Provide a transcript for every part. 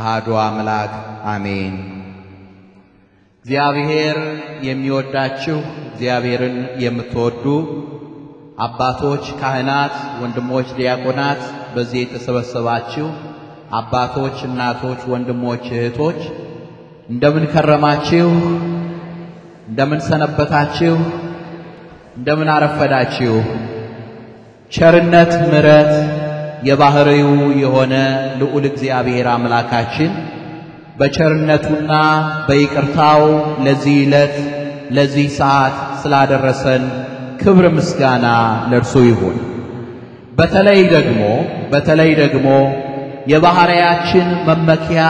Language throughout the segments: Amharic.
አሃዱ አምላክ አሜን። እግዚአብሔር የሚወዳችሁ እግዚአብሔርን የምትወዱ አባቶች፣ ካህናት፣ ወንድሞች፣ ዲያቆናት በዚህ የተሰበሰባችሁ አባቶች፣ እናቶች፣ ወንድሞች፣ እህቶች እንደምን ከረማችሁ? እንደምን ሰነበታችሁ? እንደምን አረፈዳችሁ? ቸርነት ምሕረት የባህሪው የሆነ ልዑል እግዚአብሔር አምላካችን በቸርነቱና በይቅርታው ለዚህ ዕለት ለዚህ ሰዓት ስላደረሰን ክብር ምስጋና ለእርሱ ይሁን። በተለይ ደግሞ በተለይ ደግሞ የባህሪያችን መመኪያ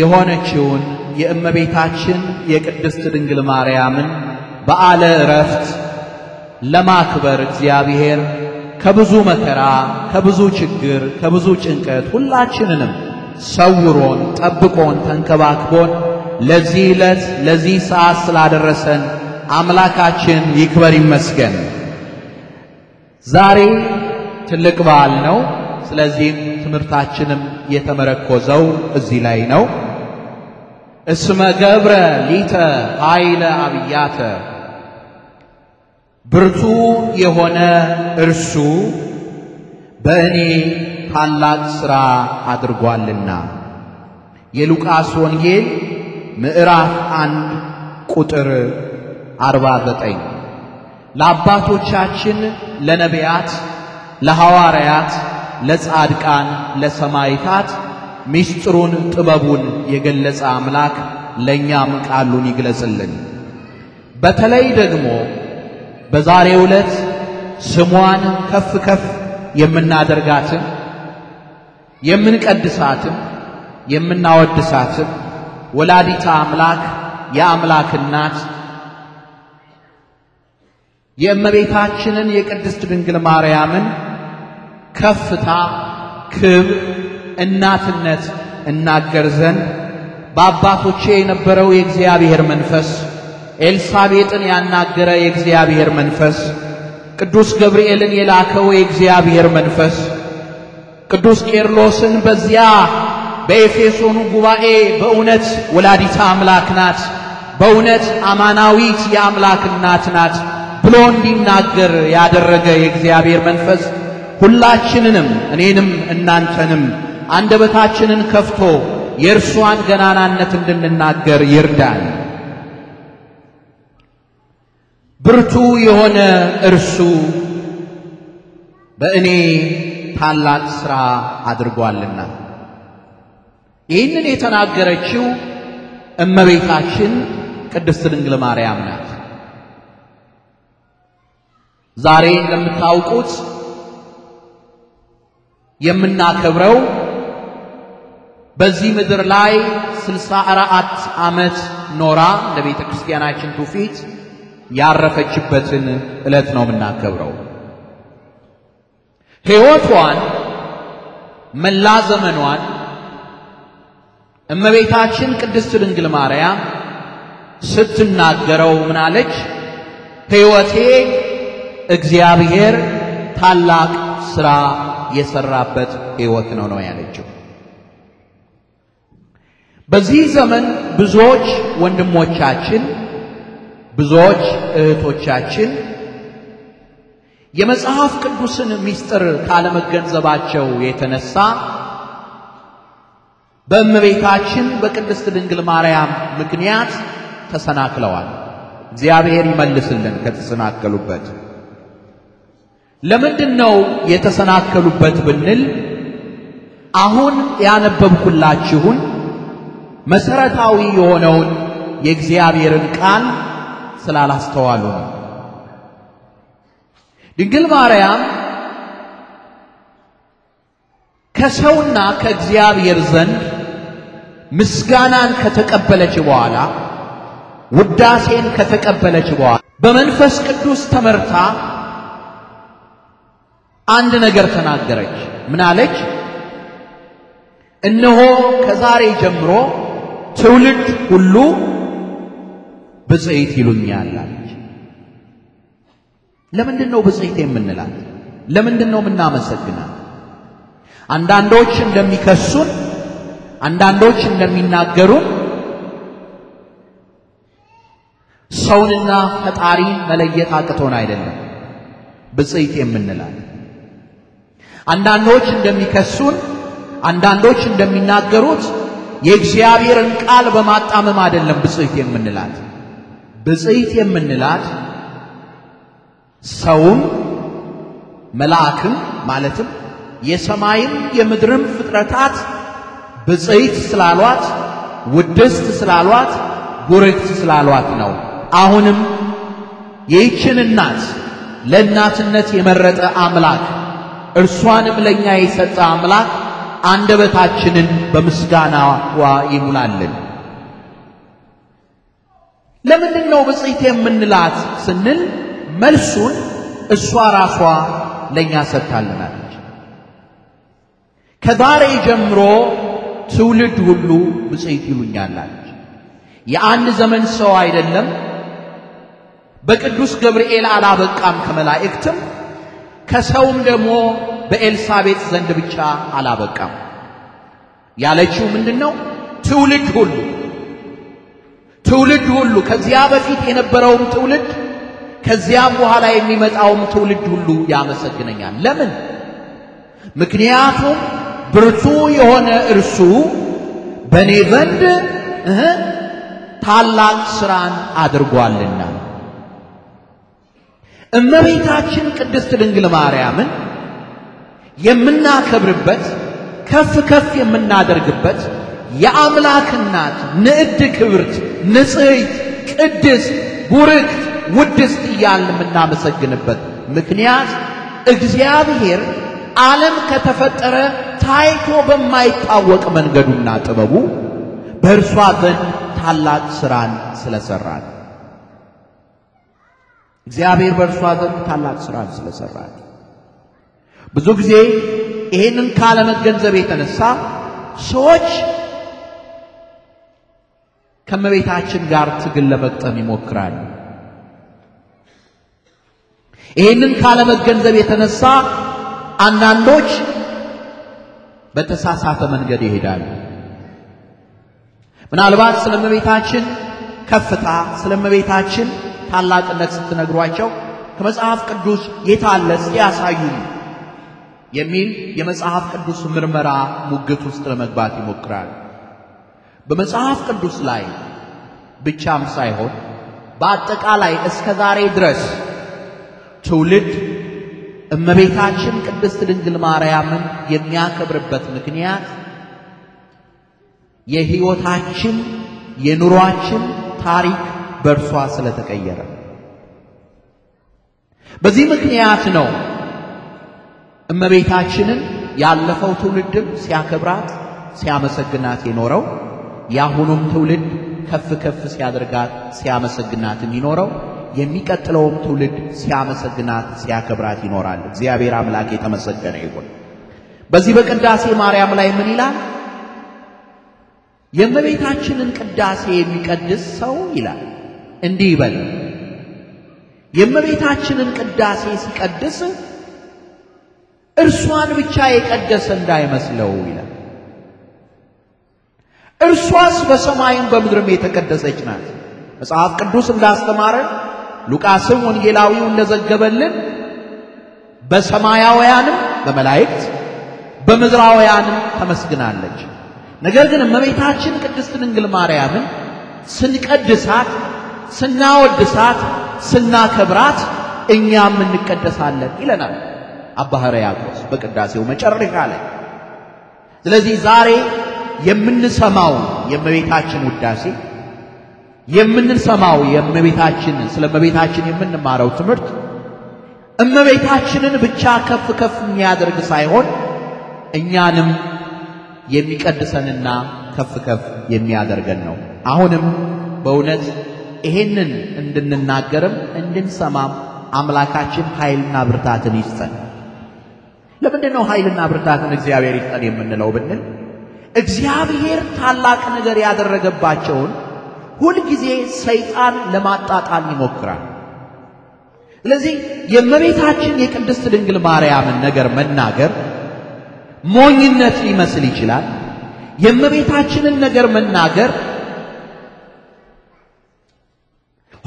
የሆነችውን የእመቤታችን የቅድስት ድንግል ማርያምን በዓለ ዕረፍት ለማክበር እግዚአብሔር ከብዙ መከራ፣ ከብዙ ችግር፣ ከብዙ ጭንቀት ሁላችንንም ሰውሮን፣ ጠብቆን፣ ተንከባክቦን ለዚህ ዕለት ለዚህ ሰዓት ስላደረሰን አምላካችን ይክበር ይመስገን። ዛሬ ትልቅ በዓል ነው። ስለዚህም ትምህርታችንም የተመረኮዘው እዚህ ላይ ነው። እስመ ገብረ ሊተ ኃይለ አብያተ ብርቱ የሆነ እርሱ በእኔ ታላቅ ሥራ አድርጓልና። የሉቃስ ወንጌል ምዕራፍ አንድ ቁጥር 49 ለአባቶቻችን ለነቢያት፣ ለሐዋርያት፣ ለጻድቃን፣ ለሰማይታት ምስጢሩን ጥበቡን የገለጸ አምላክ ለእኛም ቃሉን ይግለጽልን። በተለይ ደግሞ በዛሬው ዕለት ስሟን ከፍ ከፍ የምናደርጋትም የምንቀድሳትም የምናወድሳትም ወላዲታ አምላክ የአምላክ እናት የእመቤታችንን የቅድስት ድንግል ማርያምን ከፍታ ክብር እናትነት እናገር ዘንድ በአባቶቼ የነበረው የእግዚአብሔር መንፈስ ኤልሳቤጥን ያናገረ የእግዚአብሔር መንፈስ፣ ቅዱስ ገብርኤልን የላከው የእግዚአብሔር መንፈስ፣ ቅዱስ ቄርሎስን በዚያ በኤፌሶኑ ጉባኤ በእውነት ወላዲታ አምላክ ናት፣ በእውነት አማናዊት የአምላክ እናት ናት ብሎ እንዲናገር ያደረገ የእግዚአብሔር መንፈስ ሁላችንንም እኔንም እናንተንም አንደበታችንን ከፍቶ የእርሷን ገናናነት እንድንናገር ይርዳል። ብርቱ የሆነ እርሱ በእኔ ታላቅ ሥራ አድርጓልና። ይህንን የተናገረችው እመቤታችን ቅድስት ድንግል ማርያም ናት። ዛሬ እንደምታውቁት የምናከብረው በዚህ ምድር ላይ ስልሳ አራት ዓመት ኖራ ለቤተ ክርስቲያናችን ትውፊት ያረፈችበትን ዕለት ነው የምናከብረው። ሕይወቷን መላ ዘመኗን እመቤታችን ቅድስት ድንግል ማርያም ስትናገረው ምናለች? ሕይወቴ እግዚአብሔር ታላቅ ሥራ የሰራበት ሕይወት ነው ነው ያለችው። በዚህ ዘመን ብዙዎች ወንድሞቻችን ብዙዎች እህቶቻችን የመጽሐፍ ቅዱስን ምስጢር ካለመገንዘባቸው የተነሳ በእመቤታችን በቅድስት ድንግል ማርያም ምክንያት ተሰናክለዋል። እግዚአብሔር ይመልስልን ከተሰናከሉበት። ለምንድን ነው የተሰናከሉበት ብንል አሁን ያነበብኩላችሁን መሰረታዊ የሆነውን የእግዚአብሔርን ቃል ስላላስተዋሉ ነው። ድንግል ማርያም ከሰውና ከእግዚአብሔር ዘንድ ምስጋናን ከተቀበለች በኋላ ውዳሴን ከተቀበለች በኋላ በመንፈስ ቅዱስ ተመርታ አንድ ነገር ተናገረች። ምን አለች? እነሆ ከዛሬ ጀምሮ ትውልድ ሁሉ ብፅዕት ይሉኛል አለች። ለምንድን ነው ብፅዕት የምንላት? ለምንድን ነው የምናመሰግናት? አንዳንዶች እንደሚከሱን፣ አንዳንዶች እንደሚናገሩን ሰውንና ፈጣሪ መለየት አቅቶን አይደለም ብፅዕት የምንላት። አንዳንዶች እንደሚከሱን፣ አንዳንዶች እንደሚናገሩት የእግዚአብሔርን ቃል በማጣመም አይደለም ብፅዕት የምንላት። ብፅዕት የምንላት ሰውም መልአክም ማለትም የሰማይም የምድርም ፍጥረታት ብፅዕት ስላሏት ውድስት ስላሏት ጉርክት ስላሏት ነው። አሁንም ይህችን እናት ለእናትነት የመረጠ አምላክ እርሷንም ለእኛ የሰጠ አምላክ አንደበታችንን በምስጋናዋ ይሙላልን። ለምንድን ነው ብፅዕት የምንላት ስንል መልሱን እሷ ራሷ ለእኛ ሰጥታልናለች። ከዛሬ ጀምሮ ትውልድ ሁሉ ብፅዕት ይሉኛላለች። የአንድ ዘመን ሰው አይደለም። በቅዱስ ገብርኤል አላበቃም፣ ከመላእክትም ከሰውም ደግሞ በኤልሳቤጥ ዘንድ ብቻ አላበቃም። ያለችው ምንድን ነው? ትውልድ ሁሉ ትውልድ ሁሉ ከዚያ በፊት የነበረውም ትውልድ ከዚያም በኋላ የሚመጣውም ትውልድ ሁሉ ያመሰግነኛል። ለምን? ምክንያቱም ብርቱ የሆነ እርሱ በእኔ ዘንድ ታላቅ ሥራን አድርጓልና። እመቤታችን ቅድስት ድንግል ማርያምን የምናከብርበት ከፍ ከፍ የምናደርግበት የአምላክ እናት ንዕድ ክብርት ንጽሕት ቅድስት ቡርክት ውድስት እያልን የምናመሰግንበት ምክንያት እግዚአብሔር ዓለም ከተፈጠረ ታይቶ በማይታወቅ መንገዱና ጥበቡ በእርሷ ዘንድ ታላቅ ሥራን ስለሠራ እግዚአብሔር በእርሷ ዘንድ ታላቅ ሥራን ስለሠራ ብዙ ጊዜ ይህንን ካለመገንዘብ የተነሳ ሰዎች ከመቤታችን ጋር ትግል ለመግጠም ይሞክራሉ። ይህንን ካለመገንዘብ የተነሳ አንዳንዶች በተሳሳተ መንገድ ይሄዳሉ። ምናልባት ስለ እመቤታችን ከፍታ ስለ እመቤታችን ታላቅነት ስትነግሯቸው ከመጽሐፍ ቅዱስ የታለ እስቲ ያሳዩኝ የሚል የመጽሐፍ ቅዱስ ምርመራ ሙግት ውስጥ ለመግባት ይሞክራሉ። በመጽሐፍ ቅዱስ ላይ ብቻም ሳይሆን በአጠቃላይ እስከ ዛሬ ድረስ ትውልድ እመቤታችን ቅድስት ድንግል ማርያምን የሚያከብርበት ምክንያት የሕይወታችን የኑሯችን ታሪክ በእርሷ ስለተቀየረ በዚህ ምክንያት ነው እመቤታችንን ያለፈው ትውልድም ሲያከብራት ሲያመሰግናት የኖረው። የአሁኑም ትውልድ ከፍ ከፍ ሲያደርጋት ሲያመሰግናት የሚኖረው የሚቀጥለውም ትውልድ ሲያመሰግናት ሲያከብራት ይኖራል። እግዚአብሔር አምላክ የተመሰገነ ይሁን። በዚህ በቅዳሴ ማርያም ላይ ምን ይላል? የእመቤታችንን ቅዳሴ የሚቀድስ ሰው ይላል እንዲህ ይበል፣ የእመቤታችንን ቅዳሴ ሲቀድስ እርሷን ብቻ የቀደሰ እንዳይመስለው ይላል። እርሷስ በሰማይም በምድርም የተቀደሰች ናት። መጽሐፍ ቅዱስ እንዳስተማረን ሉቃስም ወንጌላዊው እንደዘገበልን በሰማያውያንም በመላእክት በምድራውያንም ተመስግናለች። ነገር ግን እመቤታችን ቅድስት ድንግል ማርያምን ስንቀድሳት፣ ስናወድሳት፣ ስናከብራት እኛም እንቀደሳለን ይለናል አባ ሕርያቆስ በቅዳሴው መጨረሻ ላይ። ስለዚህ ዛሬ የምንሰማው የእመቤታችን ውዳሴ የምንሰማው የእመቤታችን ስለ እመቤታችን የምንማረው ትምህርት እመቤታችንን ብቻ ከፍ ከፍ የሚያደርግ ሳይሆን እኛንም የሚቀድሰንና ከፍ ከፍ የሚያደርገን ነው። አሁንም በእውነት ይሄንን እንድንናገርም እንድንሰማም አምላካችን ኃይልና ብርታትን ይስጠን። ለምንድን ነው ኃይልና ብርታትን እግዚአብሔር ይስጠን የምንለው ብንል እግዚአብሔር ታላቅ ነገር ያደረገባቸውን ሁልጊዜ ሰይጣን ለማጣጣል ይሞክራል። ስለዚህ የእመቤታችን የቅድስት ድንግል ማርያምን ነገር መናገር ሞኝነት ሊመስል ይችላል። የእመቤታችንን ነገር መናገር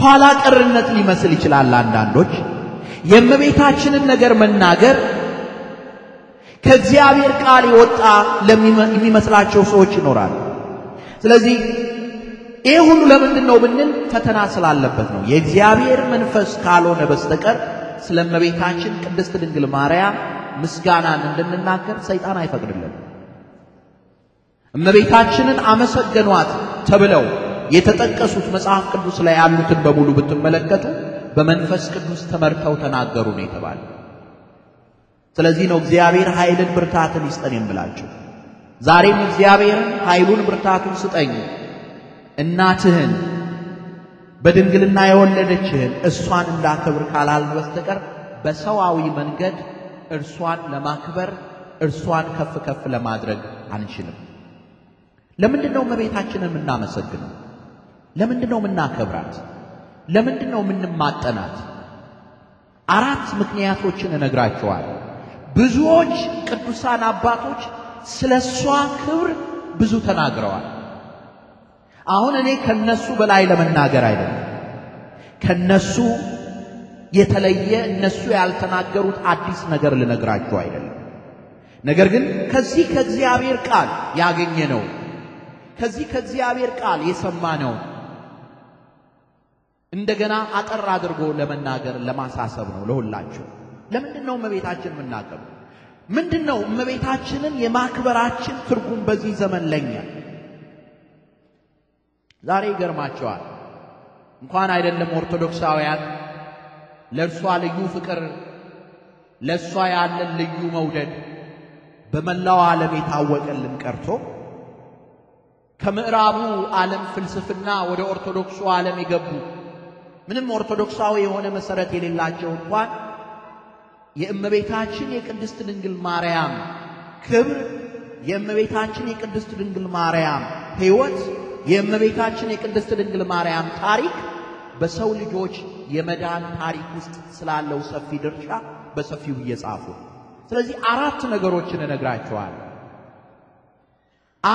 ኋላ ቀርነት ሊመስል ይችላል። አንዳንዶች የእመቤታችንን ነገር መናገር ከእግዚአብሔር ቃል የወጣ የሚመስላቸው ሰዎች ይኖራሉ። ስለዚህ ይህ ሁሉ ለምንድን ነው ብንል ፈተና ስላለበት ነው። የእግዚአብሔር መንፈስ ካልሆነ በስተቀር ስለ እመቤታችን ቅድስት ድንግል ማርያም ምስጋናን እንድንናገር ሰይጣን አይፈቅድልን። እመቤታችንን አመሰገኗት ተብለው የተጠቀሱት መጽሐፍ ቅዱስ ላይ ያሉትን በሙሉ ብትመለከቱ በመንፈስ ቅዱስ ተመርተው ተናገሩ ነው የተባለ ስለዚህ ነው እግዚአብሔር ኃይልን ብርታትን ይስጠን የምላችሁ። ዛሬም እግዚአብሔርን ኃይሉን ብርታቱን ስጠኝ እናትህን በድንግልና የወለደችህን እሷን እንዳከብር ካላልን በስተቀር በሰዋዊ መንገድ እርሷን ለማክበር እርሷን ከፍ ከፍ ለማድረግ አንችልም። ለምንድን ነው እመቤታችንን የምናመሰግነው? ለምንድን ነው የምናከብራት? ለምንድን ነው የምንማጠናት? አራት ምክንያቶችን እነግራችኋለሁ። ብዙዎች ቅዱሳን አባቶች ስለ እሷ ክብር ብዙ ተናግረዋል። አሁን እኔ ከነሱ በላይ ለመናገር አይደለም። ከነሱ የተለየ እነሱ ያልተናገሩት አዲስ ነገር ልነግራችሁ አይደለም። ነገር ግን ከዚህ ከእግዚአብሔር ቃል ያገኘ ነው ከዚህ ከእግዚአብሔር ቃል የሰማ ነው እንደገና አጠር አድርጎ ለመናገር ለማሳሰብ ነው ለሁላችሁ። ለምንድን ነው እመቤታችን የምናከብር? ምንድን ነው እመቤታችንን የማክበራችን ትርጉም በዚህ ዘመን ለኛ? ዛሬ ይገርማቸዋል። እንኳን አይደለም ኦርቶዶክሳውያን ለእርሷ ልዩ ፍቅር፣ ለእሷ ያለን ልዩ መውደድ በመላው ዓለም የታወቀልን ቀርቶ ከምዕራቡ ዓለም ፍልስፍና ወደ ኦርቶዶክሱ ዓለም የገቡ ምንም ኦርቶዶክሳዊ የሆነ መሠረት የሌላቸው እንኳን የእመቤታችን የቅድስት ድንግል ማርያም ክብር፣ የእመቤታችን የቅድስት ድንግል ማርያም ሕይወት፣ የእመቤታችን የቅድስት ድንግል ማርያም ታሪክ በሰው ልጆች የመዳን ታሪክ ውስጥ ስላለው ሰፊ ድርሻ በሰፊው እየጻፉ ስለዚህ አራት ነገሮችን እነግራቸዋል።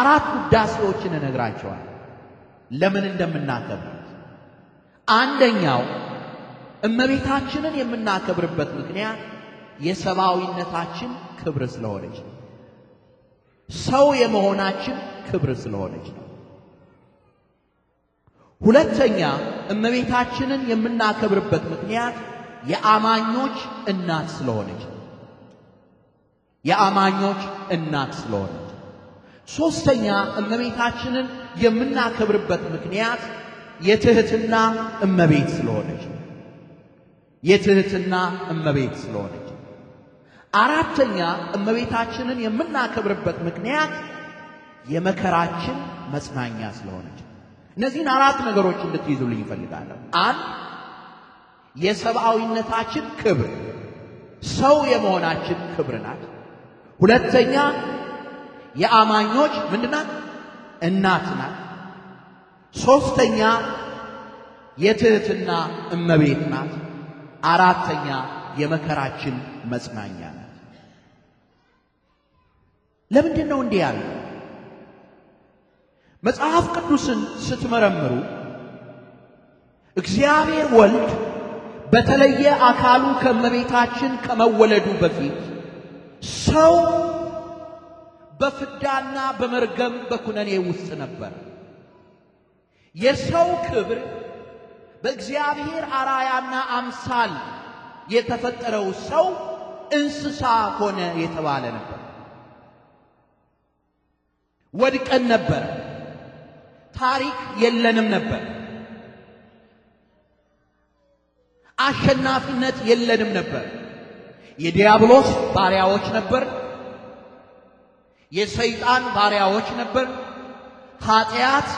አራት ውዳሴዎችን እነግራቸዋል ለምን እንደምናከብሩት አንደኛው እመቤታችንን የምናከብርበት ምክንያት የሰብአዊነታችን ክብር ስለሆነች ነው። ሰው የመሆናችን ክብር ስለሆነች ነው። ሁለተኛ እመቤታችንን የምናከብርበት ምክንያት የአማኞች እናት ስለሆነች ነው። የአማኞች እናት ስለሆነች። ሶስተኛ እመቤታችንን የምናከብርበት ምክንያት የትህትና እመቤት ስለሆነች ነው። የትህትና እመቤት ስለሆነች አራተኛ እመቤታችንን የምናከብርበት ምክንያት የመከራችን መጽናኛ ስለሆነች። እነዚህን አራት ነገሮች እንድትይዙልኝ ይፈልጋለሁ። አንድ የሰብአዊነታችን ክብር ሰው የመሆናችን ክብር ናት። ሁለተኛ የአማኞች ምንድናት? እናት ናት። ሶስተኛ የትህትና እመቤት ናት። አራተኛ የመከራችን መጽናኛ ለምንድን ነው እንዲህ ያለ? መጽሐፍ ቅዱስን ስትመረምሩ እግዚአብሔር ወልድ በተለየ አካሉ ከመቤታችን ከመወለዱ በፊት ሰው በፍዳና በመርገም በኩነኔ ውስጥ ነበር። የሰው ክብር በእግዚአብሔር አራያና አምሳል የተፈጠረው ሰው እንስሳ ሆነ የተባለ ነበር። ወድቀን ነበር። ታሪክ የለንም ነበር። አሸናፊነት የለንም ነበር። የዲያብሎስ ባሪያዎች ነበር። የሰይጣን ባሪያዎች ነበር። ኃጢአት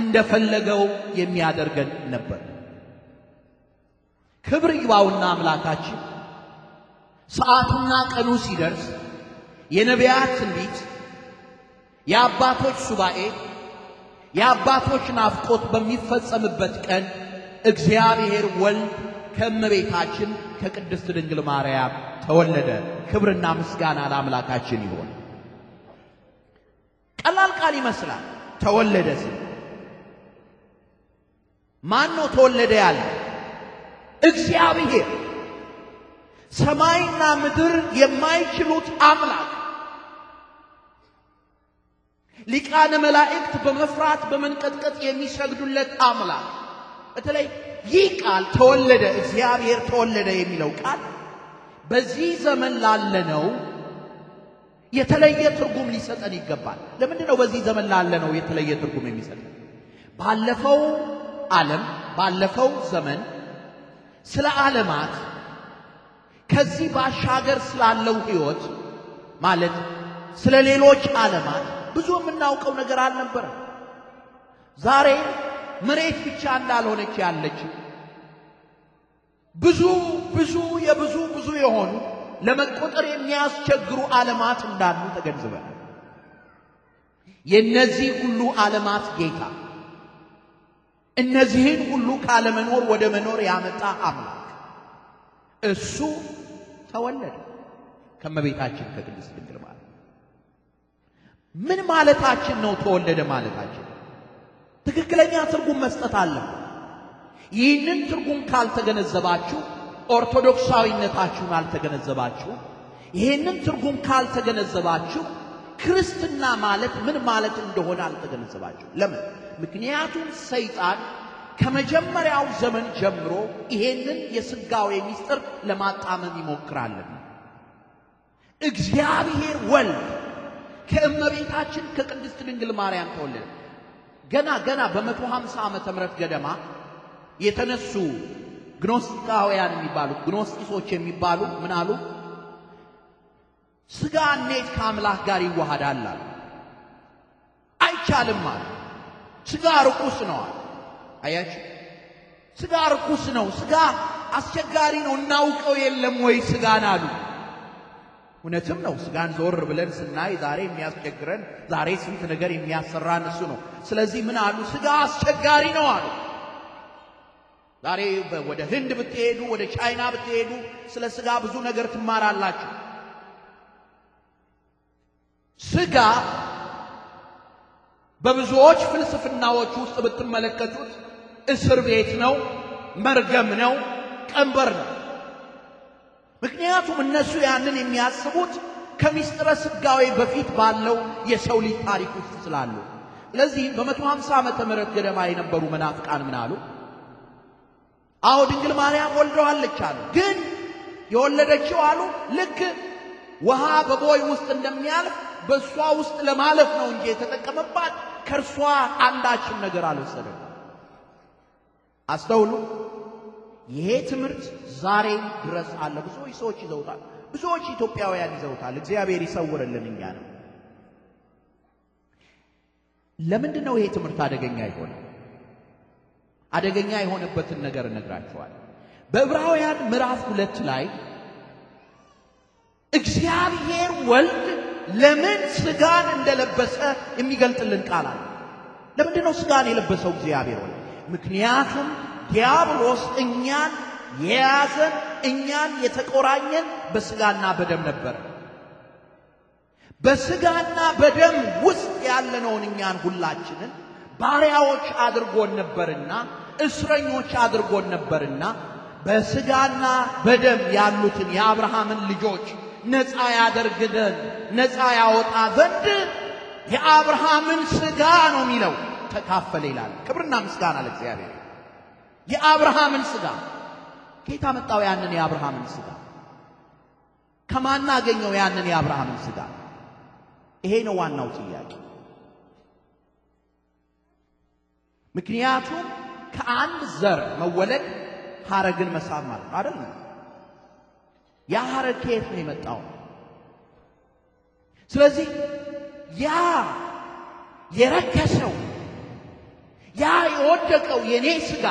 እንደፈለገው የሚያደርገን ነበር። ክብር ይግባውና አምላካችን ሰዓቱና ቀኑ ሲደርስ የነቢያት ትንቢት የአባቶች ሱባኤ የአባቶች ናፍቆት በሚፈጸምበት ቀን እግዚአብሔር ወልድ ከእመቤታችን ከቅድስት ድንግል ማርያም ተወለደ። ክብርና ምስጋና ለአምላካችን ይሆን። ቀላል ቃል ይመስላል። ተወለደ ሲል ማን ነው ተወለደ ያለ? እግዚአብሔር። ሰማይና ምድር የማይችሉት አምላክ ሊቃነ መላእክት በመፍራት በመንቀጥቀጥ የሚሰግዱለት አምላክ። በተለይ ይህ ቃል ተወለደ፣ እግዚአብሔር ተወለደ የሚለው ቃል በዚህ ዘመን ላለነው የተለየ ትርጉም ሊሰጠን ይገባል። ለምንድን ነው በዚህ ዘመን ላለነው የተለየ ትርጉም የሚሰጠን? ባለፈው ዓለም ባለፈው ዘመን ስለ ዓለማት ከዚህ ባሻገር ስላለው ሕይወት ማለት ስለ ሌሎች ዓለማት ብዙ የምናውቀው ነገር አልነበረ። ዛሬ መሬት ብቻ እንዳልሆነች ያለች ብዙ ብዙ የብዙ ብዙ የሆኑ ለመቆጠር የሚያስቸግሩ ዓለማት እንዳሉ ተገንዝበናል። የእነዚህ ሁሉ ዓለማት ጌታ እነዚህን ሁሉ ካለመኖር ወደ መኖር ያመጣ አምላክ እሱ ተወለደ ከመቤታችን ከቅድስት ድንግል ማለት ምን ማለታችን ነው? ተወለደ ማለታችን ትክክለኛ ትርጉም መስጠት አለ ይህንን ትርጉም ካልተገነዘባችሁ ኦርቶዶክሳዊነታችሁን አልተገነዘባችሁ። ይህንን ትርጉም ካልተገነዘባችሁ ክርስትና ማለት ምን ማለት እንደሆነ አልተገነዘባችሁ። ለምን? ምክንያቱም ሰይጣን ከመጀመሪያው ዘመን ጀምሮ ይሄንን የሥጋዌ ምስጢር ለማጣመም ይሞክራልና እግዚአብሔር ወልድ ከእመቤታችን ከቅድስት ድንግል ማርያም ተወለደ። ገና ገና በመቶ ሃምሳ ዓመተ ምህረት ገደማ የተነሱ ግኖስቲካውያን የሚባሉ ግኖስጢሶች የሚባሉ ምን አሉ? ስጋ እንዴት ከአምላክ ጋር ይዋሃዳል አሉ። አይቻልም አሉ። ስጋ ርኩስ ነው አሉ። አያችሁ፣ ስጋ ርኩስ ነው፣ ስጋ አስቸጋሪ ነው፣ እናውቀው የለም ወይ ስጋን አሉ። እውነትም ነው። ስጋን ዞር ብለን ስናይ ዛሬ የሚያስቸግረን ዛሬ ስንት ነገር የሚያሰራን እሱ ነው። ስለዚህ ምን አሉ? ስጋ አስቸጋሪ ነው አሉ። ዛሬ ወደ ህንድ ብትሄዱ፣ ወደ ቻይና ብትሄዱ ስለ ስጋ ብዙ ነገር ትማራላችሁ። ስጋ በብዙዎች ፍልስፍናዎች ውስጥ ብትመለከቱት እስር ቤት ነው፣ መርገም ነው፣ ቀንበር ነው። ምክንያቱም እነሱ ያንን የሚያስቡት ከሚስጥረ ስጋዊ በፊት ባለው የሰው ልጅ ታሪክ ውስጥ ስላሉ። ስለዚህ በመቶ ሃምሳ ዓመተ ምህረት ገደማ የነበሩ መናፍቃን ምን አሉ? አዎ ድንግል ማርያም ወልደዋለች አሉ። ግን የወለደችው አሉ ልክ ውሃ በቦይ ውስጥ እንደሚያልፍ በእሷ ውስጥ ለማለፍ ነው እንጂ የተጠቀመባት ከእርሷ አንዳችም ነገር አልወሰደም። አስተውሉ። ይሄ ትምህርት ዛሬ ድረስ አለ። ብዙዎች ሰዎች ይዘውታል። ብዙዎች ኢትዮጵያውያን ይዘውታል። እግዚአብሔር ይሰውርልን። እኛ ነው። ለምንድን ነው ይሄ ትምህርት አደገኛ ይሆነ? አደገኛ የሆነበትን ነገር እነግራችኋል። በዕብራውያን ምዕራፍ ሁለት ላይ እግዚአብሔር ወልድ ለምን ስጋን እንደለበሰ የሚገልጥልን ቃል አለ። ለምንድን ነው ስጋን የለበሰው እግዚአብሔር ወልድ? ምክንያቱም ዲያብሎስ እኛን የያዘን እኛን የተቆራኘን በስጋና በደም ነበር። በስጋና በደም ውስጥ ያለነውን እኛን ሁላችንን ባሪያዎች አድርጎን ነበርና እስረኞች አድርጎን ነበርና በስጋና በደም ያሉትን የአብርሃምን ልጆች ነፃ ያደርግ ነፃ ያወጣ ዘንድ የአብርሃምን ስጋ ነው የሚለው ተካፈለ ይላል። ክብርና ምስጋና ለእግዚአብሔር። የአብርሃምን ስጋ ጌታ መጣው። ያንን የአብርሃምን ስጋ ከማን አገኘው? ያንን የአብርሃምን ስጋ ይሄ ነው ዋናው ጥያቄ። ምክንያቱም ከአንድ ዘር መወለድ ሐረግን መሳብ ማለት አይደል? ያ ሐረግ ከየት ነው የመጣው? ስለዚህ ያ የረከሰው ያ የወደቀው የኔ ስጋ?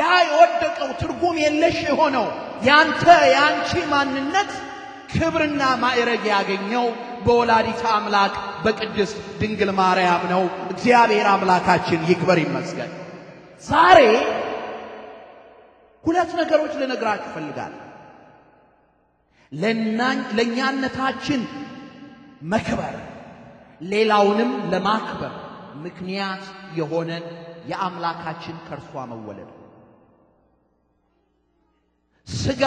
ያ የወደቀው ትርጉም የለሽ የሆነው ያንተ የአንቺ ማንነት ክብርና ማዕረግ ያገኘው በወላዲተ አምላክ በቅድስት ድንግል ማርያም ነው። እግዚአብሔር አምላካችን ይክበር ይመስገን። ዛሬ ሁለት ነገሮች ልነግራችሁ እፈልጋለሁ። ለእኛነታችን መክበር ሌላውንም ለማክበር ምክንያት የሆነን የአምላካችን ከእርሷ መወለድ ስጋ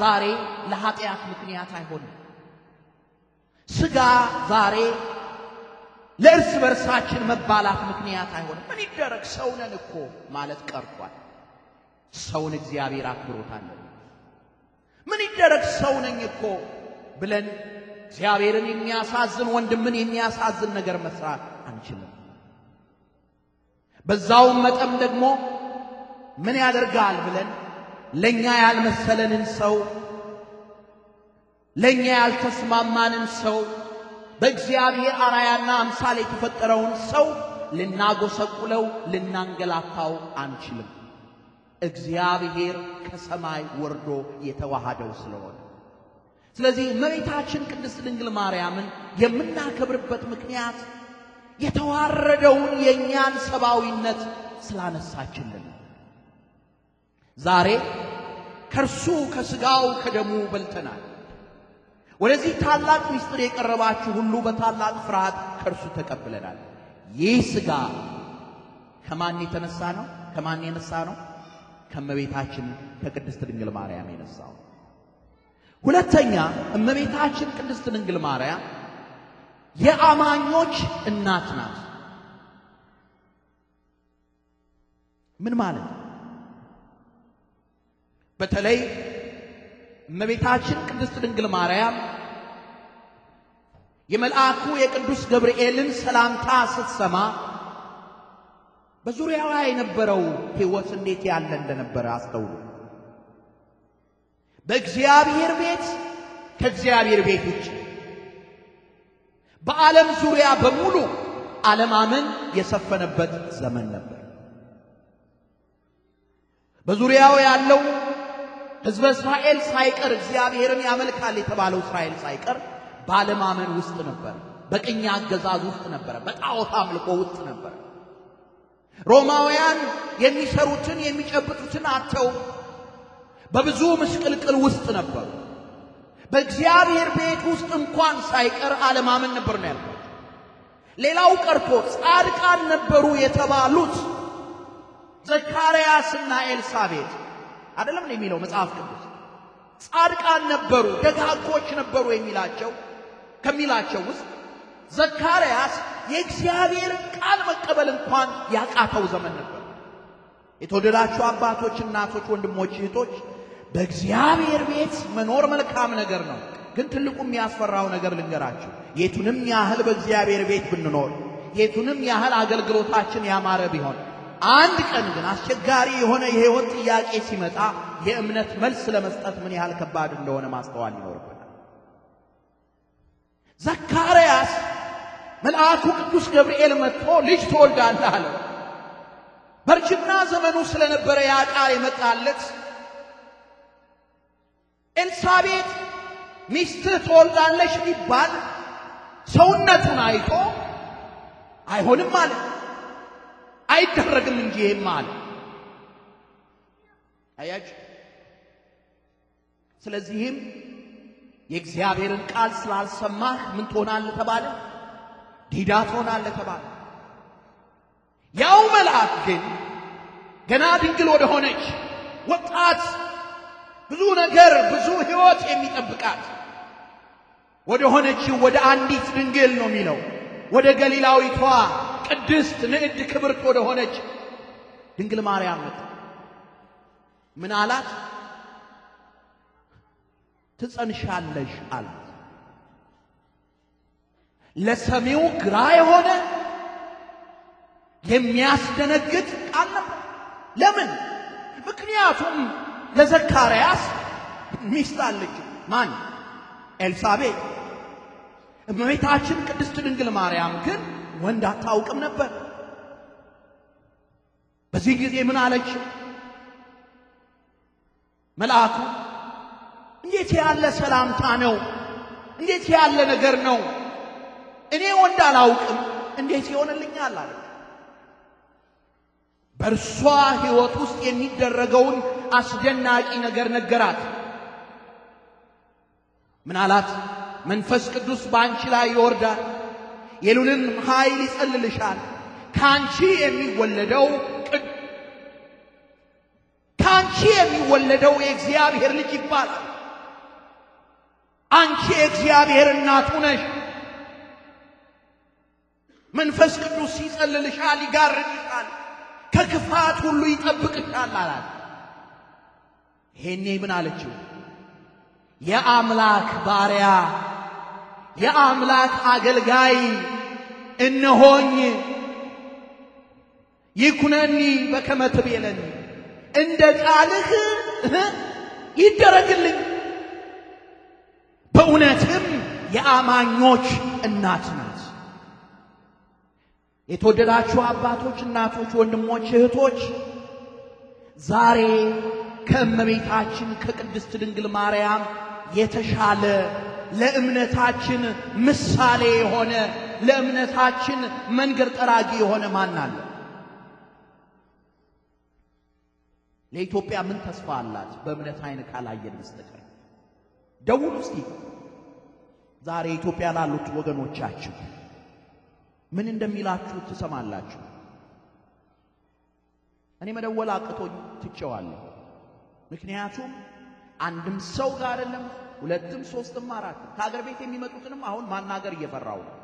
ዛሬ ለኃጢአት ምክንያት አይሆንም። ስጋ ዛሬ ለእርስ በርሳችን መባላት ምክንያት አይሆንም። ምን ይደረግ ሰውነን እኮ ማለት ቀርቷል። ሰውን እግዚአብሔር አክብሮታል። ምን ይደረግ ሰውነኝ እኮ ብለን እግዚአብሔርን የሚያሳዝን ወንድምን የሚያሳዝን ነገር መስራት አንችልም። በዛውም መጠን ደግሞ ምን ያደርጋል ብለን ለኛ ያልመሰለንን ሰው ለኛ ያልተስማማንን ሰው በእግዚአብሔር አራያና አምሳል የተፈጠረውን ሰው ልናጎሰቁለው ልናንገላታው አንችልም። እግዚአብሔር ከሰማይ ወርዶ የተዋሃደው ስለሆነ ስለዚህ እመቤታችን ቅድስት ድንግል ማርያምን የምናከብርበት ምክንያት የተዋረደውን የእኛን ሰብአዊነት ስላነሳችልን ዛሬ ከእርሱ ከሥጋው ከደሙ በልተናል። ወደዚህ ታላቅ ምስጢር የቀረባችሁ ሁሉ በታላቅ ፍርሃት ከእርሱ ተቀብለናል። ይህ ሥጋ ከማን የተነሳ ነው? ከማን የነሳ ነው? ከእመቤታችን ከቅድስት ድንግል ማርያም የነሳው። ሁለተኛ እመቤታችን ቅድስት ድንግል ማርያም የአማኞች እናት ናት። ምን ማለት በተለይ እመቤታችን ቅድስት ድንግል ማርያም የመልአኩ የቅዱስ ገብርኤልን ሰላምታ ስትሰማ በዙሪያዋ የነበረው ሕይወት እንዴት ያለ እንደነበረ አስተውሉ። በእግዚአብሔር ቤት ከእግዚአብሔር ቤት ውጭ በዓለም ዙሪያ በሙሉ አለማመን የሰፈነበት ዘመን ነበር። በዙሪያው ያለው ሕዝበ እስራኤል ሳይቀር እግዚአብሔርን ያመልካል የተባለው እስራኤል ሳይቀር ባለማመን ውስጥ ነበር፣ በቅኝ አገዛዝ ውስጥ ነበረ፣ በጣዖት አምልኮ ውስጥ ነበረ። ሮማውያን የሚሰሩትን የሚጨብጡትን አጥተው በብዙ ምስቅልቅል ውስጥ ነበሩ። በእግዚአብሔር ቤት ውስጥ እንኳን ሳይቀር አለማመን ነበር ነው ያልኩት። ሌላው ቀርቶ ጻድቃን ነበሩ የተባሉት ዘካርያስና ኤልሳቤጥ አይደለም ነው የሚለው መጽሐፍ ቅዱስ። ጻድቃን ነበሩ፣ ደጋጎች ነበሩ የሚላቸው ከሚላቸው ውስጥ ዘካርያስ የእግዚአብሔርን ቃል መቀበል እንኳን ያቃተው ዘመን ነበር። የተወደዳችሁ አባቶች፣ እናቶች፣ ወንድሞች፣ እህቶች በእግዚአብሔር ቤት መኖር መልካም ነገር ነው። ግን ትልቁ የሚያስፈራው ነገር ልንገራችሁ። የቱንም ያህል በእግዚአብሔር ቤት ብንኖር፣ የቱንም ያህል አገልግሎታችን ያማረ ቢሆን አንድ ቀን ግን አስቸጋሪ የሆነ የህይወት ጥያቄ ሲመጣ የእምነት መልስ ለመስጠት ምን ያህል ከባድ እንደሆነ ማስተዋል ይኖርበታል። ዘካርያስ መልአኩ ቅዱስ ገብርኤል መጥቶ ልጅ ትወልዳለህ አለ። በእርጅና ዘመኑ ስለነበረ ያ ቃል የመጣለት ኤልሳቤጥ ሚስትህ ትወልዳለች ቢባል ሰውነቱን አይቶ አይሆንም አለ። አይደረግም እንጂ ይሄማ አለ። አያችሁ። ስለዚህም የእግዚአብሔርን ቃል ስላልሰማህ ምን ትሆናለህ ተባለ? ዲዳ ትሆናለህ ተባለ። ያው መልአክ ግን ገና ድንግል ወደ ሆነች ወጣት ብዙ ነገር ብዙ ሕይወት የሚጠብቃት ወደ ሆነችው ወደ አንዲት ድንግል ነው የሚለው ወደ ገሊላዊቷ ቅድስት ንዕድ ክብርት ወደሆነች ድንግል ማርያም መጣ። ምን አላት? ትጸንሻለሽ አላት። ለሰሚው ግራ የሆነ የሚያስደነግጥ ቃል ነበር። ለምን? ምክንያቱም ለዘካርያስ ሚስት አለች። ማን? ኤልሳቤጥ። እመቤታችን ቅድስት ድንግል ማርያም ግን ወንድ አታውቅም ነበር። በዚህ ጊዜ ምን አለች? መልአኩ እንዴት ያለ ሰላምታ ነው! እንዴት ያለ ነገር ነው! እኔ ወንድ አላውቅም እንዴት ይሆንልኛል? አለ። በእርሷ ሕይወት ውስጥ የሚደረገውን አስደናቂ ነገር ነገራት። ምን አላት? መንፈስ ቅዱስ በአንቺ ላይ ይወርዳል የሉልን ኃይል ይጸልልሻል። ካንቺ የሚወለደው ካንቺ የሚወለደው የእግዚአብሔር ልጅ ይባላል። አንቺ የእግዚአብሔር እናቱ ነሽ። መንፈስ ቅዱስ ይጸልልሻል፣ ይጋርድሻል፣ ከክፋት ሁሉ ይጠብቅሻል አላት። ይሄኔ ምን አለችው? የአምላክ ባሪያ የአምላክ አገልጋይ እነሆኝ ይኩነኒ በከመ ትቤለኒ እንደ ቃልህ ይደረግልኝ። በእውነትም የአማኞች እናት ናት። የተወደዳችሁ አባቶች፣ እናቶች፣ ወንድሞች፣ እህቶች ዛሬ ከእመቤታችን ከቅድስት ድንግል ማርያም የተሻለ ለእምነታችን ምሳሌ የሆነ ለእምነታችን መንገድ ጠራጊ የሆነ ማን አለ? ለኢትዮጵያ ምን ተስፋ አላት? በእምነት አይን ካላየን በስተቀር ደውሉ እስቲ ዛሬ ኢትዮጵያ ላሉት ወገኖቻችሁ ምን እንደሚላችሁ ትሰማላችሁ። እኔ መደወል አቅቶኝ ትቸዋለሁ። ምክንያቱም አንድም ሰው ጋር አይደለም ሁለትም ሶስትም አራት ከአገር ቤት የሚመጡትንም አሁን ማናገር እየፈራው ነው።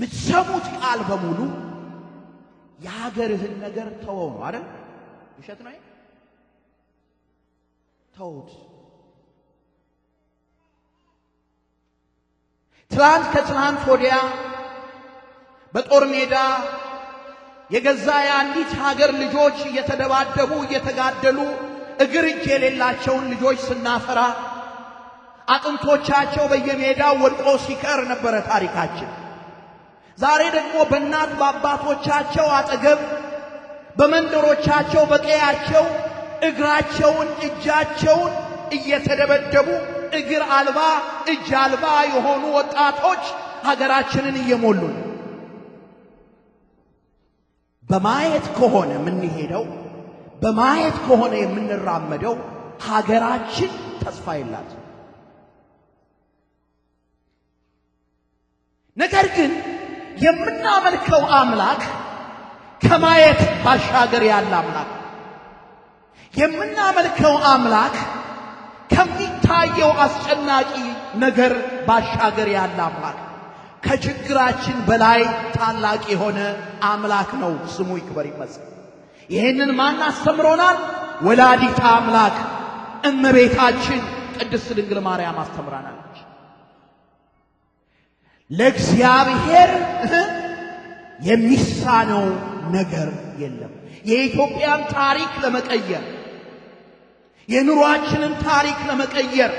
ምትሰሙት ቃል በሙሉ የሀገርህን ነገር ተወው ነው አይደል? ውሸት ነው። ተውት። ትላንት ከትላንት ወዲያ በጦር ሜዳ የገዛ የአንዲት ሀገር ልጆች እየተደባደቡ እየተጋደሉ እግር እጅ የሌላቸውን ልጆች ስናፈራ አጥንቶቻቸው በየሜዳው ወድቆ ሲቀር ነበረ ታሪካችን። ዛሬ ደግሞ በእናት በአባቶቻቸው አጠገብ በመንደሮቻቸው በቀያቸው እግራቸውን እጃቸውን እየተደበደቡ እግር አልባ እጅ አልባ የሆኑ ወጣቶች ሀገራችንን እየሞሉ ነው። በማየት ከሆነ የምንሄደው በማየት ከሆነ የምንራመደው ሀገራችን ተስፋ የላት። ነገር ግን የምናመልከው አምላክ ከማየት ባሻገር ያለ አምላክ የምናመልከው አምላክ ከሚታየው አስጨናቂ ነገር ባሻገር ያለ አምላክ ከችግራችን በላይ ታላቅ የሆነ አምላክ ነው። ስሙ ይክበር ይመስል ይህንን ማን አስተምሮናል? ወላዲት አምላክ እመቤታችን ቅድስት ድንግል ማርያም አስተምራናል። ለእግዚአብሔር የሚሳነው ነገር የለም። የኢትዮጵያን ታሪክ ለመቀየር የኑሯችንን ታሪክ ለመቀየር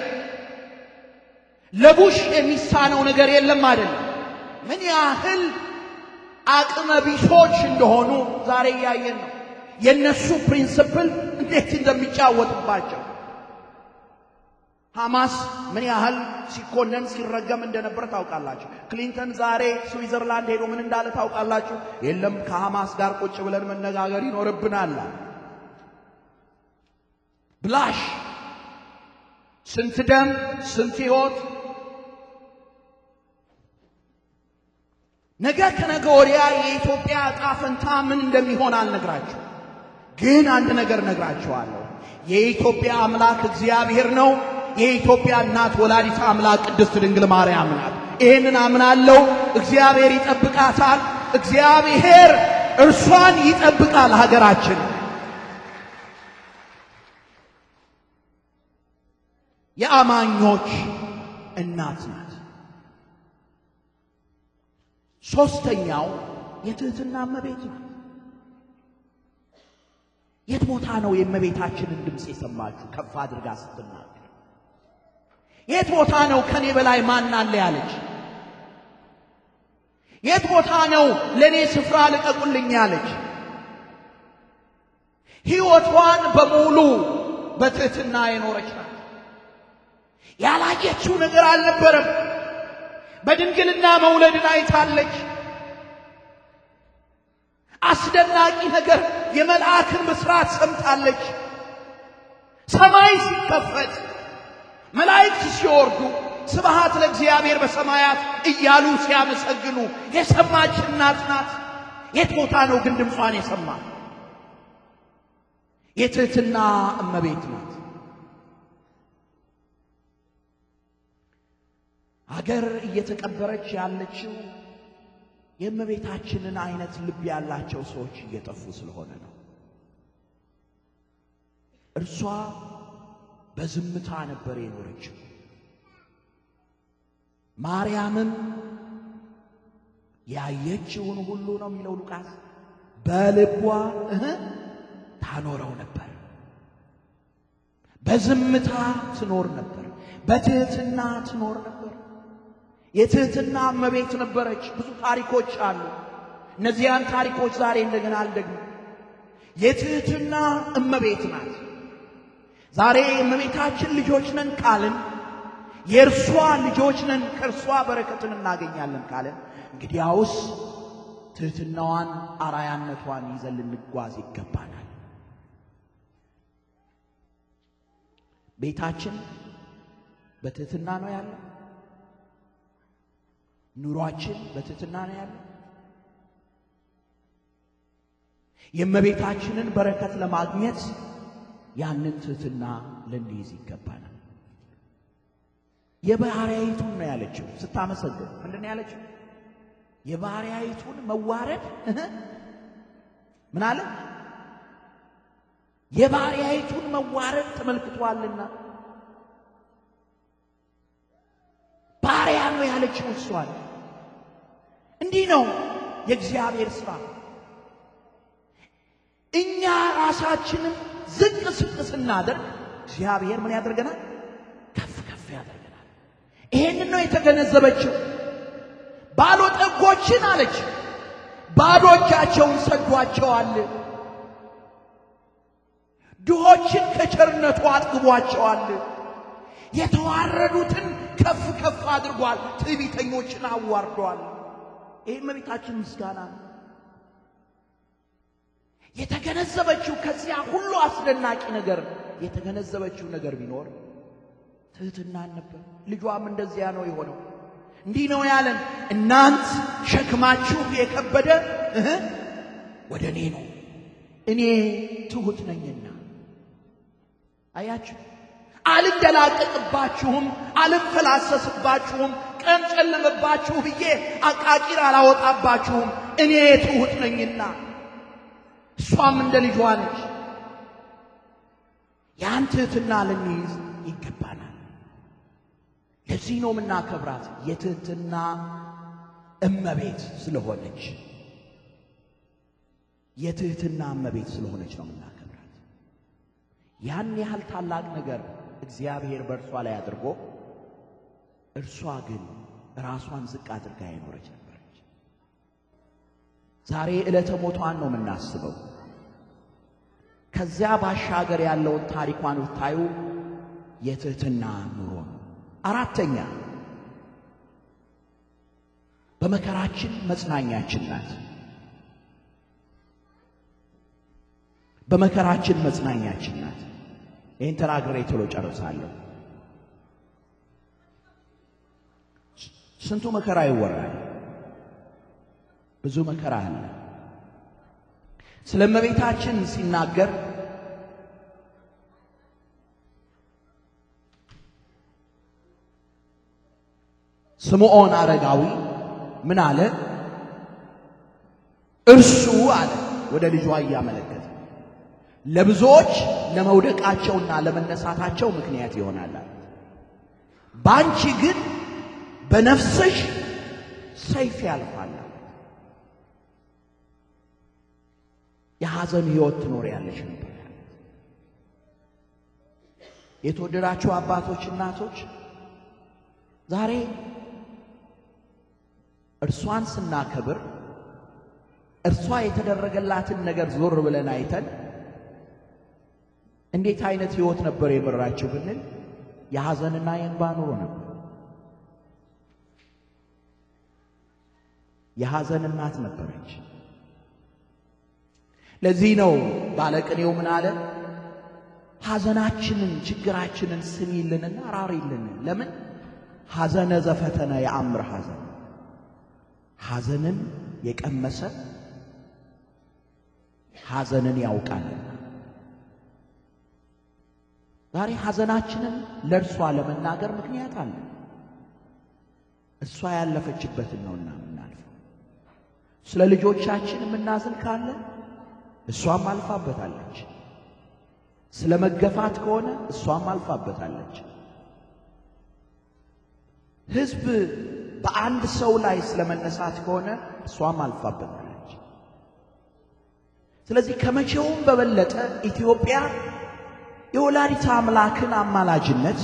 ለቡሽ የሚሳነው ነገር የለም አይደለም። ምን ያህል አቅመ ቢሶች እንደሆኑ ዛሬ እያየን ነው። የእነሱ ፕሪንስፕል እንዴት እንደሚጫወትባቸው ሐማስ ምን ያህል ሲኮነን ሲረገም እንደነበር ታውቃላችሁ። ክሊንተን ዛሬ ስዊዘርላንድ ሄዶ ምን እንዳለ ታውቃላችሁ። የለም ከሐማስ ጋር ቁጭ ብለን መነጋገር ይኖርብናል። ብላሽ ስንት ደም ስንት ህይወት ነገ ከነገ ወዲያ የኢትዮጵያ ዕጣ ፈንታ ምን እንደሚሆን አልነግራችሁ፣ ግን አንድ ነገር ነግራችኋለሁ። የኢትዮጵያ አምላክ እግዚአብሔር ነው። የኢትዮጵያ እናት ወላዲት አምላክ ቅድስት ድንግል ማርያም ናት። ይህንን አምናለሁ። እግዚአብሔር ይጠብቃታል። እግዚአብሔር እርሷን ይጠብቃል ሀገራችን። የአማኞች እናት ናት። ሶስተኛው የትህትና እመቤት ናት። የት ቦታ ነው የእመቤታችንን ድምፅ የሰማችሁ ከፍ አድርጋ ስትናገር የት ቦታ ነው ከኔ በላይ ማን አለ ያለች? የት ቦታ ነው ለኔ ስፍራ ልቀቁልኝ ያለች? ሕይወቷን በሙሉ በትህትና የኖረች ናት። ያላየችው ነገር አልነበረም። በድንግልና መውለድን አይታለች። አስደናቂ ነገር የመልአክን ብስራት ሰምታለች። ሰማይ ሲከፈት መላእክት ሲወርዱ ስብሃት ለእግዚአብሔር በሰማያት እያሉ ሲያመሰግኑ የሰማች እናት ናት። የት ቦታ ነው ግን ድምጿን የሰማ? የትህትና እመቤት ናት። አገር እየተቀበረች ያለችው የእመቤታችንን አይነት ልብ ያላቸው ሰዎች እየጠፉ ስለሆነ ነው። እርሷ በዝምታ ነበር የኖረችው። ማርያምም ያየችውን ሁሉ ነው የሚለው ሉቃስ በልቧ እህ ታኖረው ነበር። በዝምታ ትኖር ነበር። በትህትና ትኖር ነበር። የትህትና እመቤት ነበረች። ብዙ ታሪኮች አሉ። እነዚያን ታሪኮች ዛሬ እንደገና አልደግም። የትህትና እመቤት ናት። ዛሬ የእመቤታችን ልጆች ነን ካልን የእርሷ ልጆች ነን ከእርሷ በረከትን እናገኛለን ካልን እንግዲያውስ ትህትናዋን አራያነቷን ይዘን ልንጓዝ ይገባናል። ቤታችን በትህትና ነው ያለ ኑሯችን በትህትና ነው ያለ! የእመቤታችንን በረከት ለማግኘት ያንን ትህትና ልንይዝ ይገባናል። የባህርያዊቱን ነው ያለችው። ስታመሰግን ምንድን ነው ያለችው? የባህርያዊቱን መዋረድ ምን አለ? የባህርያዊቱን መዋረድ ተመልክቷልና ባሪያ ነው ያለችው። እሷል እንዲህ ነው የእግዚአብሔር ሥራ እኛ ራሳችንም ዝቅ ዝቅ ስናደርግ እግዚአብሔር ምን ያደርገናል? ከፍ ከፍ ያደርገናል። ይሄንን ነው የተገነዘበችው። ጠጎችን አለች ባዶቻቸውን ሰዷቸዋል። ድሆችን ከቸርነቱ አጥግቧቸዋል። የተዋረዱትን ከፍ ከፍ አድርጓል። ትዕቢተኞችን አዋርዷል። ይህ እመቤታችን ምስጋና ነው። የተገነዘበችው ከዚያ ሁሉ አስደናቂ ነገር የተገነዘበችው ነገር ቢኖር ትህትናን ነበር። ልጇም እንደዚያ ነው የሆነው። እንዲህ ነው ያለን፣ እናንት ሸክማችሁ የከበደ ወደ እኔ ነው፣ እኔ ትሁት ነኝና። አያችሁ፣ አልንደላቀቅባችሁም፣ አልፈላሰስባችሁም፣ ቀን ጨለመባችሁ ብዬ አቃቂር አላወጣባችሁም፣ እኔ ትሁት ነኝና እሷም እንደ ልጇ ነች። ያን ትህትና ልንይዝ ይገባናል። ለዚህ ነው የምናከብራት የትህትና እመቤት ስለሆነች የትህትና እመቤት ስለሆነች ነው የምናከብራት። ያን ያህል ታላቅ ነገር እግዚአብሔር በእርሷ ላይ አድርጎ እርሷ ግን ራሷን ዝቅ አድርጋ የኖረች ነበር። ዛሬ ዕለተ ሞቷን ነው የምናስበው። ከዚያ ባሻገር ያለውን ታሪኳን ብታዩ የትህትና ኑሮ ነው። አራተኛ በመከራችን መጽናኛችን ናት። በመከራችን መጽናኛችን ናት። ይህን ተናግሬ ቶሎ ጨርሳለሁ። ስንቱ መከራ ይወራል። ብዙ መከራ አለ። ስለ እመቤታችን ሲናገር ስምዖን አረጋዊ ምን አለ? እርሱ አለ ወደ ልጇ እያመለከተ ለብዙዎች ለመውደቃቸውና ለመነሳታቸው ምክንያት ይሆናል። ባንቺ ግን በነፍስሽ ሰይፍ ያልፋል። የሐዘን ህይወት ትኖሪያለሽ ነበር። የተወደዳችሁ አባቶች፣ እናቶች ዛሬ እርሷን ስናከብር እርሷ የተደረገላትን ነገር ዞር ብለን አይተን እንዴት አይነት ህይወት ነበር የመራችው ብንል የሐዘንና የእንባ ኑሮ ነበር። የሐዘን እናት ነበረች። ለዚህ ነው ባለቅኔው ምን አለ? ሐዘናችንን ችግራችንን ስሚልንና ራሪልን። ለምን ሐዘነ ዘፈተነ የአምር ሐዘን ሐዘንን የቀመሰ ሐዘንን ያውቃልና ዛሬ ሐዘናችንን ለእርሷ ለመናገር ምክንያት አለ። እሷ ያለፈችበትን ነውና የምናልፈው። ስለ ልጆቻችን የምናዝን ካለን እሷም አልፋበታለች። ስለ መገፋት ከሆነ እሷም አልፋበታለች። ህዝብ በአንድ ሰው ላይ ስለ መነሳት ከሆነ እሷም አልፋበታለች። ስለዚህ ከመቼውም በበለጠ ኢትዮጵያ የወላዲተ አምላክን አማላጅነት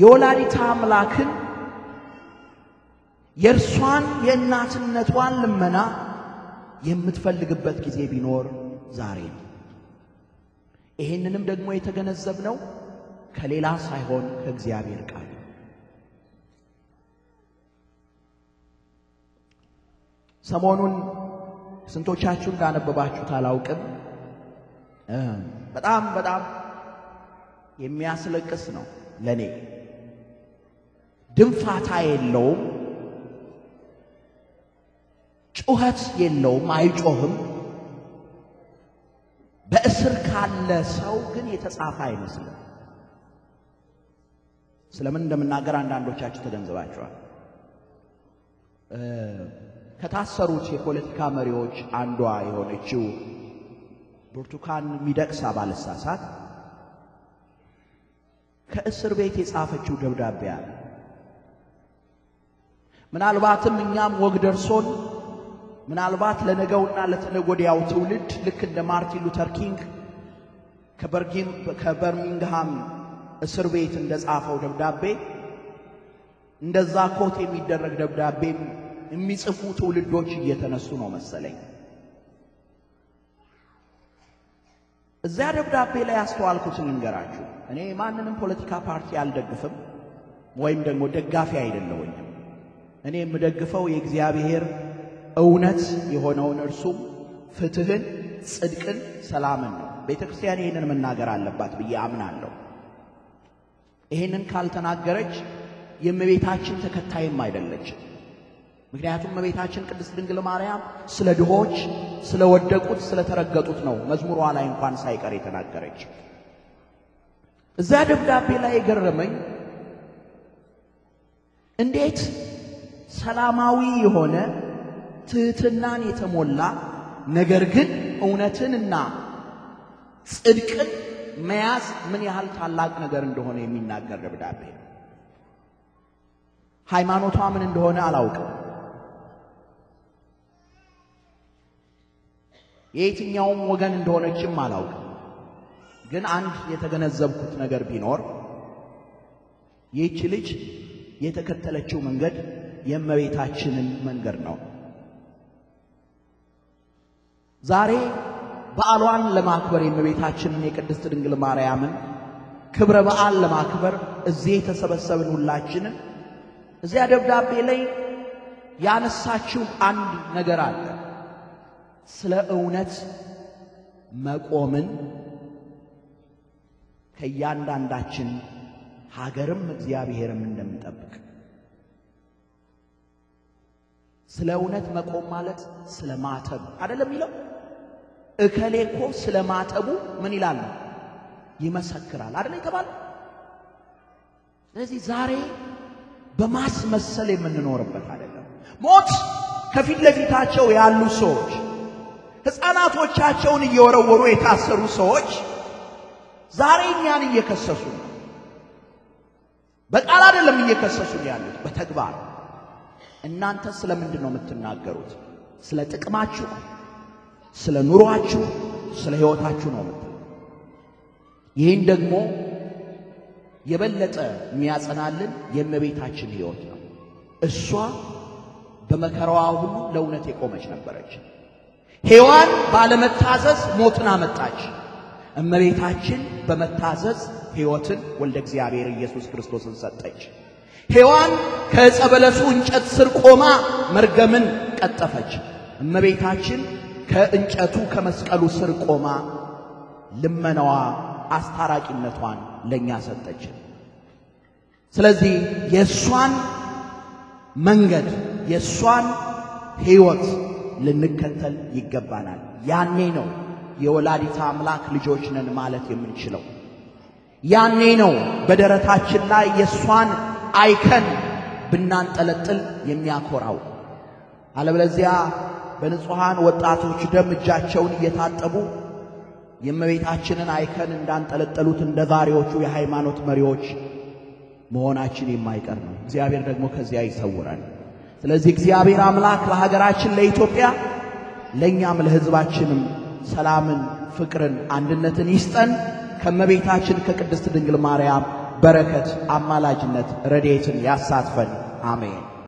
የወላዲተ አምላክን የእርሷን የእናትነቷን ልመና የምትፈልግበት ጊዜ ቢኖር ዛሬ ነው። ይህንንም ደግሞ የተገነዘብነው ከሌላ ሳይሆን ከእግዚአብሔር ቃል ሰሞኑን ስንቶቻችሁ እንዳነበባችሁት አላውቅም። በጣም በጣም የሚያስለቅስ ነው ለኔ። ድንፋታ የለውም ጩኸት የለውም፣ አይጮህም። በእስር ካለ ሰው ግን የተጻፈ አይመስልም። ስለምን እንደምናገር አንዳንዶቻችሁ ተገንዝባችኋል። ከታሰሩት የፖለቲካ መሪዎች አንዷ የሆነችው ብርቱካን ሚደቅሳ ባለሳሳት ከእስር ቤት የጻፈችው ደብዳቤ አለ። ምናልባትም እኛም ወግ ደርሶን ምናልባት ለነገውና ለተነጎዲያው ትውልድ ልክ እንደ ማርቲን ሉተር ኪንግ ከበርሚንግሃም እስር ቤት ጻፈው ደብዳቤ እንደዛ ኮት የሚደረግ ደብዳቤም የሚጽፉ ትውልዶች እየተነሱ ነው መሰለኝ። እዚያ ደብዳቤ ላይ ያስተዋልኩትን ልንገራችሁ። እኔ ማንንም ፖለቲካ ፓርቲ አልደግፍም ወይም ደግሞ ደጋፊ አይደለሁኝም። እኔ የምደግፈው የእግዚአብሔር እውነት የሆነውን እርሱም ፍትህን፣ ጽድቅን፣ ሰላምን ነው። ቤተ ክርስቲያን ይህንን መናገር አለባት ብዬ አምናለሁ። ይህንን ካልተናገረች የእመቤታችን ተከታይም አይደለችም። ምክንያቱም እመቤታችን ቅድስት ድንግል ማርያም ስለ ድሆች፣ ስለ ወደቁት፣ ስለ ተረገጡት ነው መዝሙሯ ላይ እንኳን ሳይቀር የተናገረች። እዛ ደብዳቤ ላይ የገረመኝ እንዴት ሰላማዊ የሆነ ትህትናን የተሞላ ነገር ግን እውነትንና ጽድቅን መያዝ ምን ያህል ታላቅ ነገር እንደሆነ የሚናገር ደብዳቤ ነው። ሃይማኖቷ ምን እንደሆነ አላውቅም። የየትኛውም ወገን እንደሆነችም አላውቅም። ግን አንድ የተገነዘብኩት ነገር ቢኖር ይህች ልጅ የተከተለችው መንገድ የእመቤታችንን መንገድ ነው። ዛሬ በዓሏን ለማክበር የእመቤታችንን የቅድስት ድንግል ማርያምን ክብረ በዓል ለማክበር እዚህ የተሰበሰብን ሁላችንን እዚያ ደብዳቤ ላይ ያነሳችው አንድ ነገር አለ። ስለ እውነት መቆምን ከእያንዳንዳችን ሀገርም እግዚአብሔርም እንደሚጠብቅ ስለ እውነት መቆም ማለት ስለ ማተብ አይደለም የሚለው እከሌ እኮ ስለ ማጠቡ ምን ይላሉ? ይመሰክራል አይደል የተባለ። ስለዚህ ዛሬ በማስመሰል የምንኖርበት አይደለም። ሞት ከፊት ለፊታቸው ያሉ ሰዎች ሕፃናቶቻቸውን እየወረወሩ የታሰሩ ሰዎች ዛሬ እኛን እየከሰሱ ነው። በቃል አይደለም እየከሰሱ ያሉት በተግባር። እናንተ ስለምንድን ነው የምትናገሩት? ስለ ጥቅማችሁ ስለ ኑሯችሁ፣ ስለ ህይወታችሁ ነው የምትለው። ይህን ደግሞ የበለጠ የሚያጸናልን የእመቤታችን ህይወት ነው። እሷ በመከራዋ ሁሉ ለእውነት የቆመች ነበረች። ሔዋን ባለመታዘዝ ሞትን አመጣች። እመቤታችን በመታዘዝ ህይወትን ወልደ እግዚአብሔር ኢየሱስ ክርስቶስን ሰጠች። ሔዋን ከዕፀ በለሱ እንጨት ስር ቆማ መርገምን ቀጠፈች። እመቤታችን ከእንጨቱ ከመስቀሉ ስር ቆማ ልመናዋ አስታራቂነቷን ለእኛ ሰጠችን። ስለዚህ የእሷን መንገድ የእሷን ሕይወት ልንከተል ይገባናል። ያኔ ነው የወላዲታ አምላክ ልጆች ነን ማለት የምንችለው። ያኔ ነው በደረታችን ላይ የእሷን አይከን ብናንጠለጥል የሚያኮራው። አለበለዚያ በንጹሐን ወጣቶች ደም እጃቸውን እየታጠቡ የእመቤታችንን አይከን እንዳንጠለጠሉት እንደ ዛሬዎቹ የሃይማኖት መሪዎች መሆናችን የማይቀር ነው። እግዚአብሔር ደግሞ ከዚያ ይሰውራል። ስለዚህ እግዚአብሔር አምላክ ለሀገራችን ለኢትዮጵያ፣ ለእኛም ለሕዝባችንም ሰላምን፣ ፍቅርን፣ አንድነትን ይስጠን። ከእመቤታችን ከቅድስት ድንግል ማርያም በረከት፣ አማላጅነት፣ ረድኤትን ያሳትፈን። አሜን።